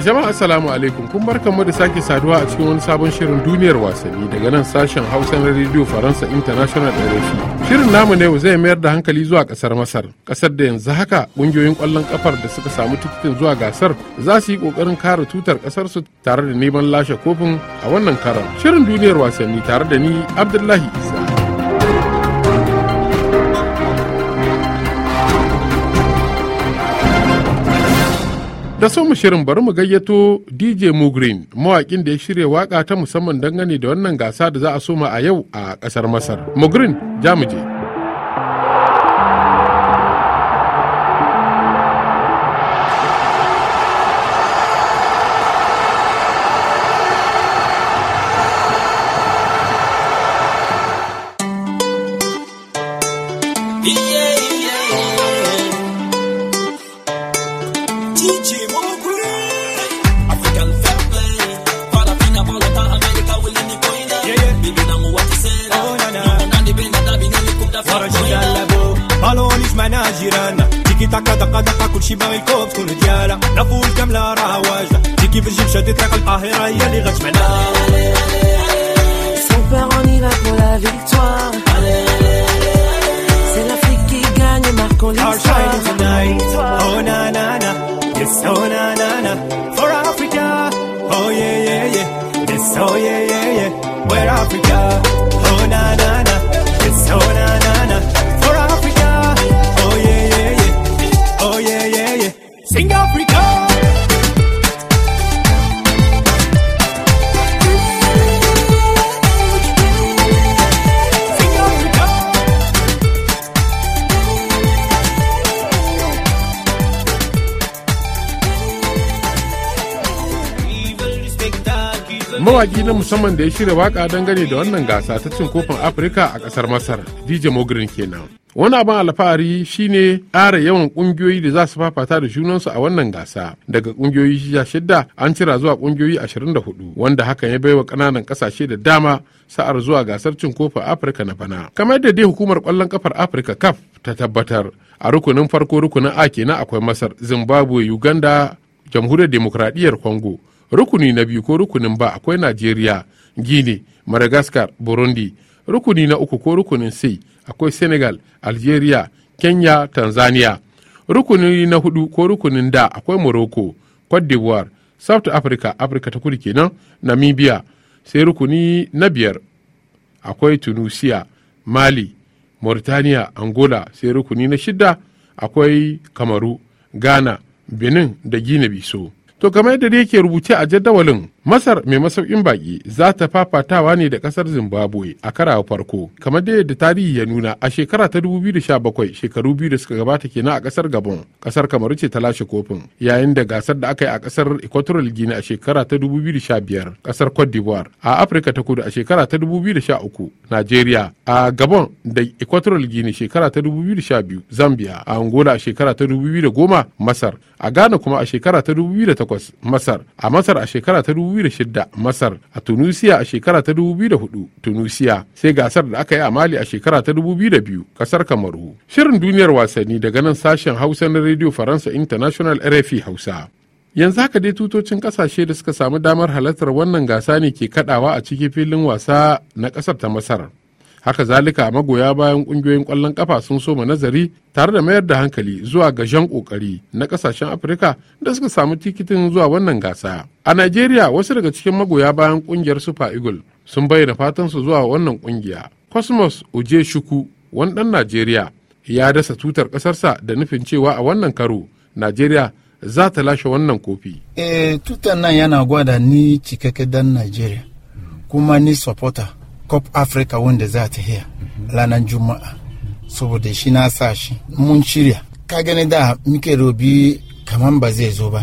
Jama'a Assalamu alaikum kun mu da sake saduwa a cikin wani sabon shirin duniyar wasanni daga nan sashen Hausa na Radio Faransa International RFI. Shirin namu ne zai mayar da hankali zuwa kasar Masar, kasar da yanzu haka kungiyoyin kwallon kafar da suka samu tikitin zuwa gasar za su yi kokarin kare tutar kasar su tare da neman lashe kofin a wannan karon Shirin duniyar wasanni tare da ni Abdullahi Isa. Da mu shirin bari mu gayyato DJ Mugrin mawakin da ya shirya waka ta musamman dangane da wannan gasa da za a soma a yau a kasar Masar. Mugrin, jamuje. بالوني جمعنا جيرانا تيكي تاكا دقا دقا كلشي باغي الكوب تكون ديالها لا فول كاملة راها واجدة تيكي في الجيب شادي طريق القاهرة هي اللي غتجمعنا سوبر اوني لا بو لا فيكتوار سي لافريك كي غاني ماركو mawaki na musamman da ya shirya waka dangane da wannan gasa ta cin kofin afirka a kasar masar dj Mogren kenan wani abin alfahari shine ƙara yawan ƙungiyoyi da za su fafata da junansu a wannan gasa daga ƙungiyoyi shida shida an cira zuwa ƙungiyoyi ashirin da hudu wanda hakan ya baiwa ƙananan ƙasashe da dama sa'ar zuwa gasar cin kofin afirka na bana kamar da dai hukumar ƙwallon kafar afirka kaf ta tabbatar a rukunin farko rukunin a kenan akwai masar zimbabwe uganda jamhuriyar demokradiyyar congo rukuni na biyu ko rukunin ba akwai najeriya gini madagascar burundi rukuni na uku ko rukunin c akwai senegal algeria kenya tanzania rukuni na hudu ko rukunin da akwai morocco cote d'ivoire south africa afirka ta kudu kenan namibia sai rukuni na biyar akwai tunisia mali mauritania angola sai rukuni na shida akwai kamaru ghana benin da gina biso To kamar yadda yake rubuce a jadawalin Masar mai masaukin baki za ta fafatawa ne da kasar Zimbabwe a kara farko kamar da yadda tarihi ya nuna a shekara ta 2017 shekaru biyu da suka gabata kenan a kasar Gabon kasar kamar ce ta lashe kofin yayin da gasar da aka yi a kasar Equatorial Guinea a shekara ta 2015 kasar Cote d'Ivoire a Afirka ta Kudu a shekara ta 2013 Nigeria a Gabon da Equatorial Guinea shekara ta 2012 Zambia a Angola a shekara ta 2010 Masar a Ghana kuma a shekara ta 2008 2008 Masar, a Masar a shekara ta 2006 Masar, a Tunisia a shekara ta dubu hudu Tunisia, sai gasar da aka yi a Mali a shekara ta dubu biyu kasar Kamaru. Shirin duniyar wasanni daga nan sashen Hausa na Radio Faransa International RFI Hausa. yanzu haka dai tutocin kasashe da suka samu damar halartar wannan gasa ne ke kadawa a cikin filin wasa na kasar ta masar haka zalika a magoya bayan kungiyoyin kwallon kafa sun so ma nazari tare da mayar da hankali zuwa ga jan kokari na kasashen afirka da suka samu tikitin zuwa wannan gasa a nigeria wasu daga cikin magoya bayan kungiyar super eagle sun bayyana fatan su zuwa wannan kungiya cosmos uje shuku wani dan nigeria ya dasa tutar kasarsa da nufin cewa a wannan karo nigeria za ta lashe wannan kofi eh tutar nan yana gwada ni cikakken dan nigeria kuma ni supporter cop africa wanda za ta haya ranar juma'a saboda shi na sa shi mun shirya ka gani da muke robi kaman ba zai zo ba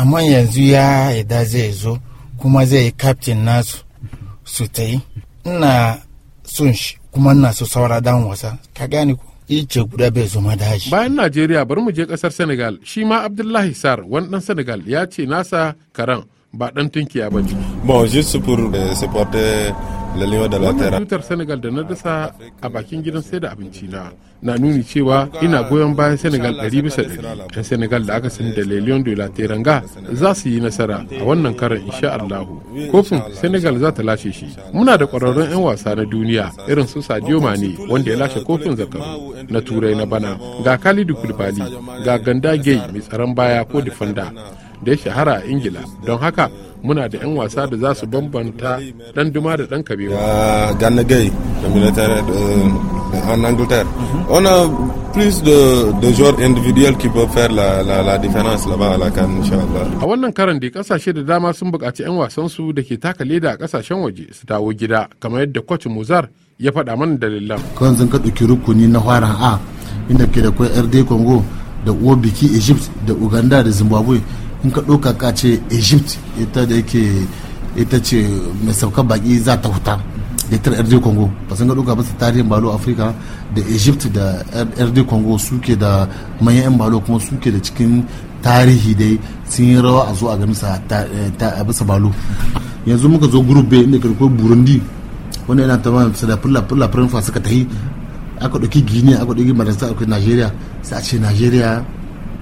amma yanzu ya yada zai zo kuma zai yi captain nasu su ta yi ina son shi kuma ina so saura dan wasa ka gane ko ice guda bai zama daji. Bayan Najeriya bari mu je kasar Senegal shi ma Abdullahi Sar wani dan Senegal ya ce nasa karan ba dan tunkiya ba ne. Bon juste pour euh, supporter lalle wadda za ta cutar senegal da na dasa a bakin gidan sai da abinci na na nuni cewa ina goyon bayan senegal 100 bisa ɗari yan senegal da aka sani da le de la teranga za su yi nasara a wannan karan insha allahu kofin senegal za ta lashe shi muna da kwararrun yan wasa na duniya irin su sadio mane wanda ya lashe kofin zakaru na turai na bana ga kalidu kulbali ga ganda gay mai tsaron baya ko difanda da ya shahara a ingila don haka muna da 'yan wasa da za su bambanta dan duma da dan kabewa gai da militar en angleterre mhm. on a plus de, de joueur individuel qui peut faire la, la, la différence là-bas à la CAN inshallah a wannan karan da kasashe da dama sun bukaci 'yan wasan su da ke taka leda a kasashen waje su dawo gida kamar yadda coach muzar ya faɗa mana dalilan kan zan ka ɗauki rukuni na fara a inda ke da kwai rd congo da uwar biki egypt da uganda da zimbabwe in ka ɗauka ka ce egypt ita da yake ita ce mai sauka baki za ta huta da ita rd congo ba sun ga ɗauka ba tarihin balo afirka da egypt da rd congo suke da manyan 'yan balo kuma suke da cikin tarihi dai sun yi rawa a zo a ga a bisa balo yanzu muka zo group b inda karkar burundi wanda yana ta mai da fulla fulla fulla suka tahi aka ɗauki guinea aka ɗauki madagascar aka nigeria sai a ce nigeria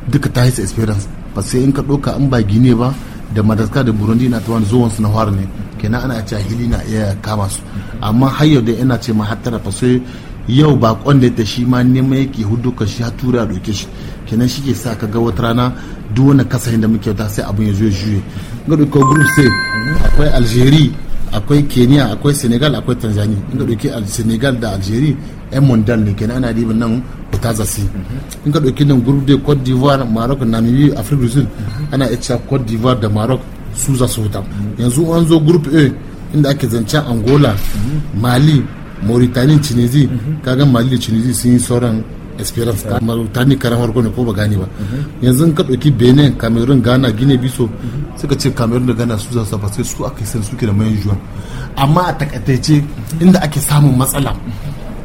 duka ta sa experience ba sai in ka ɗauka an ba gine ba da madaska da burundi na tuwan zuwan su na har ne kenan ana ce hili na iya kama su amma har yau da ina ce ma hatara ba sai yau ba da ta shi ma neman yake hudu ka shi a doke shi kenan shi ke sa ka ga wata rana duk wani kasahin da muke ta sai abin ya zuwa ya juye ga duka group sai akwai algeri akwai kenya akwai senegal akwai tanzania ga dauki senegal da algeri yan mondial ne kenan ana ribin nan zasi in ka ɗauki nan group de cote d'ivoire maroc namibia afrique du sud ana iya cewa cote d'ivoire da maroc su za su wuta yanzu an zo group a inda ake zancen angola mali mauritania Ka kaga mali da Tunisie sun yi sauran experience ta mauritania karan ne ko ba gane ba yanzu ka ɗauki benin cameroon ghana guinea biso suka ce cameroon da ghana su za su su aka yi suke da mayan juwan amma a takaitace inda ake samun matsala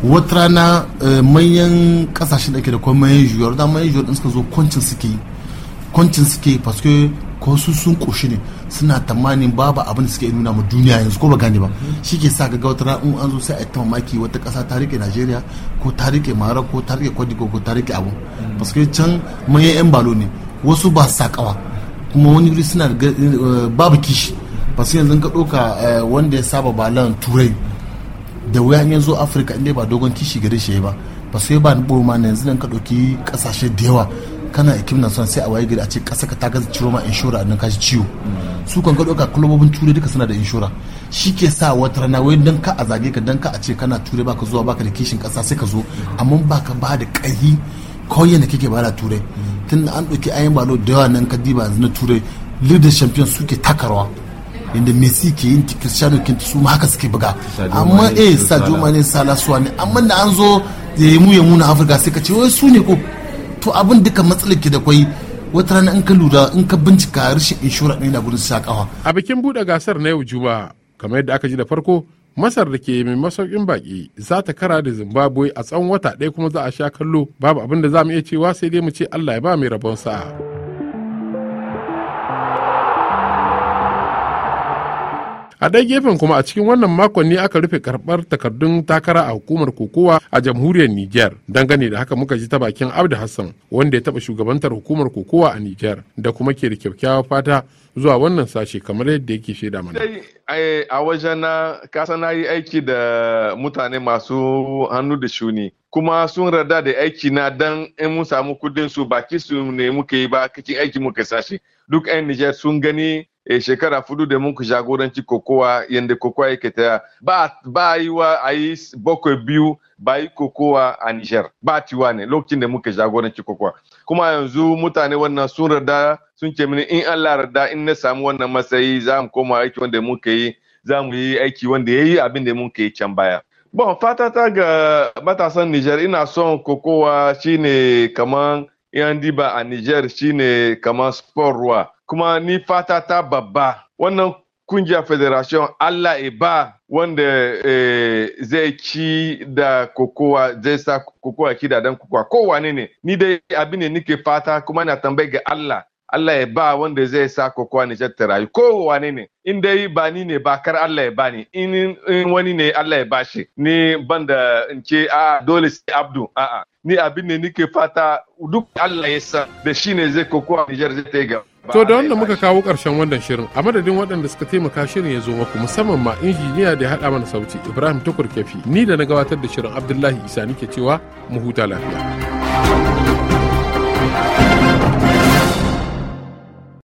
wata rana eh, manyan kasashen da ke da kuma manyan juyar da manyan juyar suka zo kwancin suke yi kwancin suke paske ko su sun koshi ne suna tamanin babu abin da suke nuna ma duniya yanzu ko ba gane ba shi ke sa gaga wata in an zo sai a ta mamaki wata kasa ta rike ko ta mara ko ta rike kwadiko ko ta rike abu paske can manyan yan balo ne wasu ba sakawa kuma wani wuri suna eh, babu kishi paske yanzu ka ɗauka eh, wanda ya saba balan turai da wuya ya zo afirka inda ba dogon kishi gare shi ba ba sai ba nuburu ma yanzu nan ka ɗauki ƙasashe da yawa kana ikim na son sai a waye gari a ce ƙasa ka ta gaza ciro ma inshora nan kashi ciwo su kan ka ɗauka kulobobin turai duka suna da inshora shi ke sa wata rana wai dan ka a zage ka dan ka a ce kana turai ka zuwa baka da kishin ƙasa sai ka zo amma ba ka ba da ƙahi kawai da kake bada turai tun an ɗauki ayin balo da yawa nan ka diba yanzu na turai lidar champion suke takarawa. inda messi ke yin cristiano ke su ma haka suke buga amma eh sadio mane sala suwa ne amma da an zo ya yi mu ya muna afirka sai ka ce wai su ne ko to abin duka matsalar ke da kwai wata rana in ka lura in ka bincika rashin inshura ɗin na gudun shakawa. a bikin buɗe gasar na yau juma kamar yadda aka ji da farko masar da ke mai masaukin baki za ta kara da zimbabwe a tsawon wata ɗaya kuma za a sha kallo babu abin da za mu iya cewa sai dai mu ce allah ya ba mai rabon sa'a. a dai gefen kuma a cikin wannan makon ne aka rufe karbar takardun takara a hukumar kokowa a jamhuriyar niger dangane da haka muka ji ta bakin abdu hassan wanda ya taba shugabantar hukumar kokowa a niger da kuma ke da kyakkyawar fata zuwa wannan sashe kamar yadda yake shaida mana. a wajen na kasa na yi aiki da mutane masu hannu da shuni kuma sun rada da aiki na dan in mun samu kudin su baki su ne muka yi ba kacin aiki muka sashe duk 'yan Nijar sun gani e shekara fudu da mun ku jagoranci kokowa yadda kokowa yake ta ba ba yi wa a yi bakwai ba yi kokowa a Nijar ba tiwa ne lokacin da muka jagoranci kokowa kuma yanzu mutane wannan sun rada sun ce mini in Allah rada in na samu wannan matsayi za mu koma aiki wanda mun yi za mu yi aiki wanda yayi abin da muka yi can baya bon fata ta ga matasan Nijar ina son kokowa shine kaman yan diba a Nijar shine kaman sport ruwa kuma ni fata ta babba wannan kungiya federation Allah e ba wanda e, zai ci da kokowa zai sa kokowa ki da dan kokowa ko wane ne ni dai abin ne nike fata kuma na tambayi ga Allah Allah e ba wanda zai sa kokowa ne ta rayu wane ne in dai ba ni ne ba kar Allah ya ba in, in wani ne Allah ba shi ni banda in ce a dole sai Abdu a'a ni abin ne nike fata duk Allah ya sa da shine zai kokowa Niger zai ta yi gaba To da wanda muka kawo ƙarshen wannan shirin a madadin waɗanda suka taimaka shirin ya zo maku musamman ma injiniya da ya haɗa mana sauti Ibrahim Tukur Kefi ni da na gabatar da shirin Abdullahi Isa nike cewa mu huta lafiya.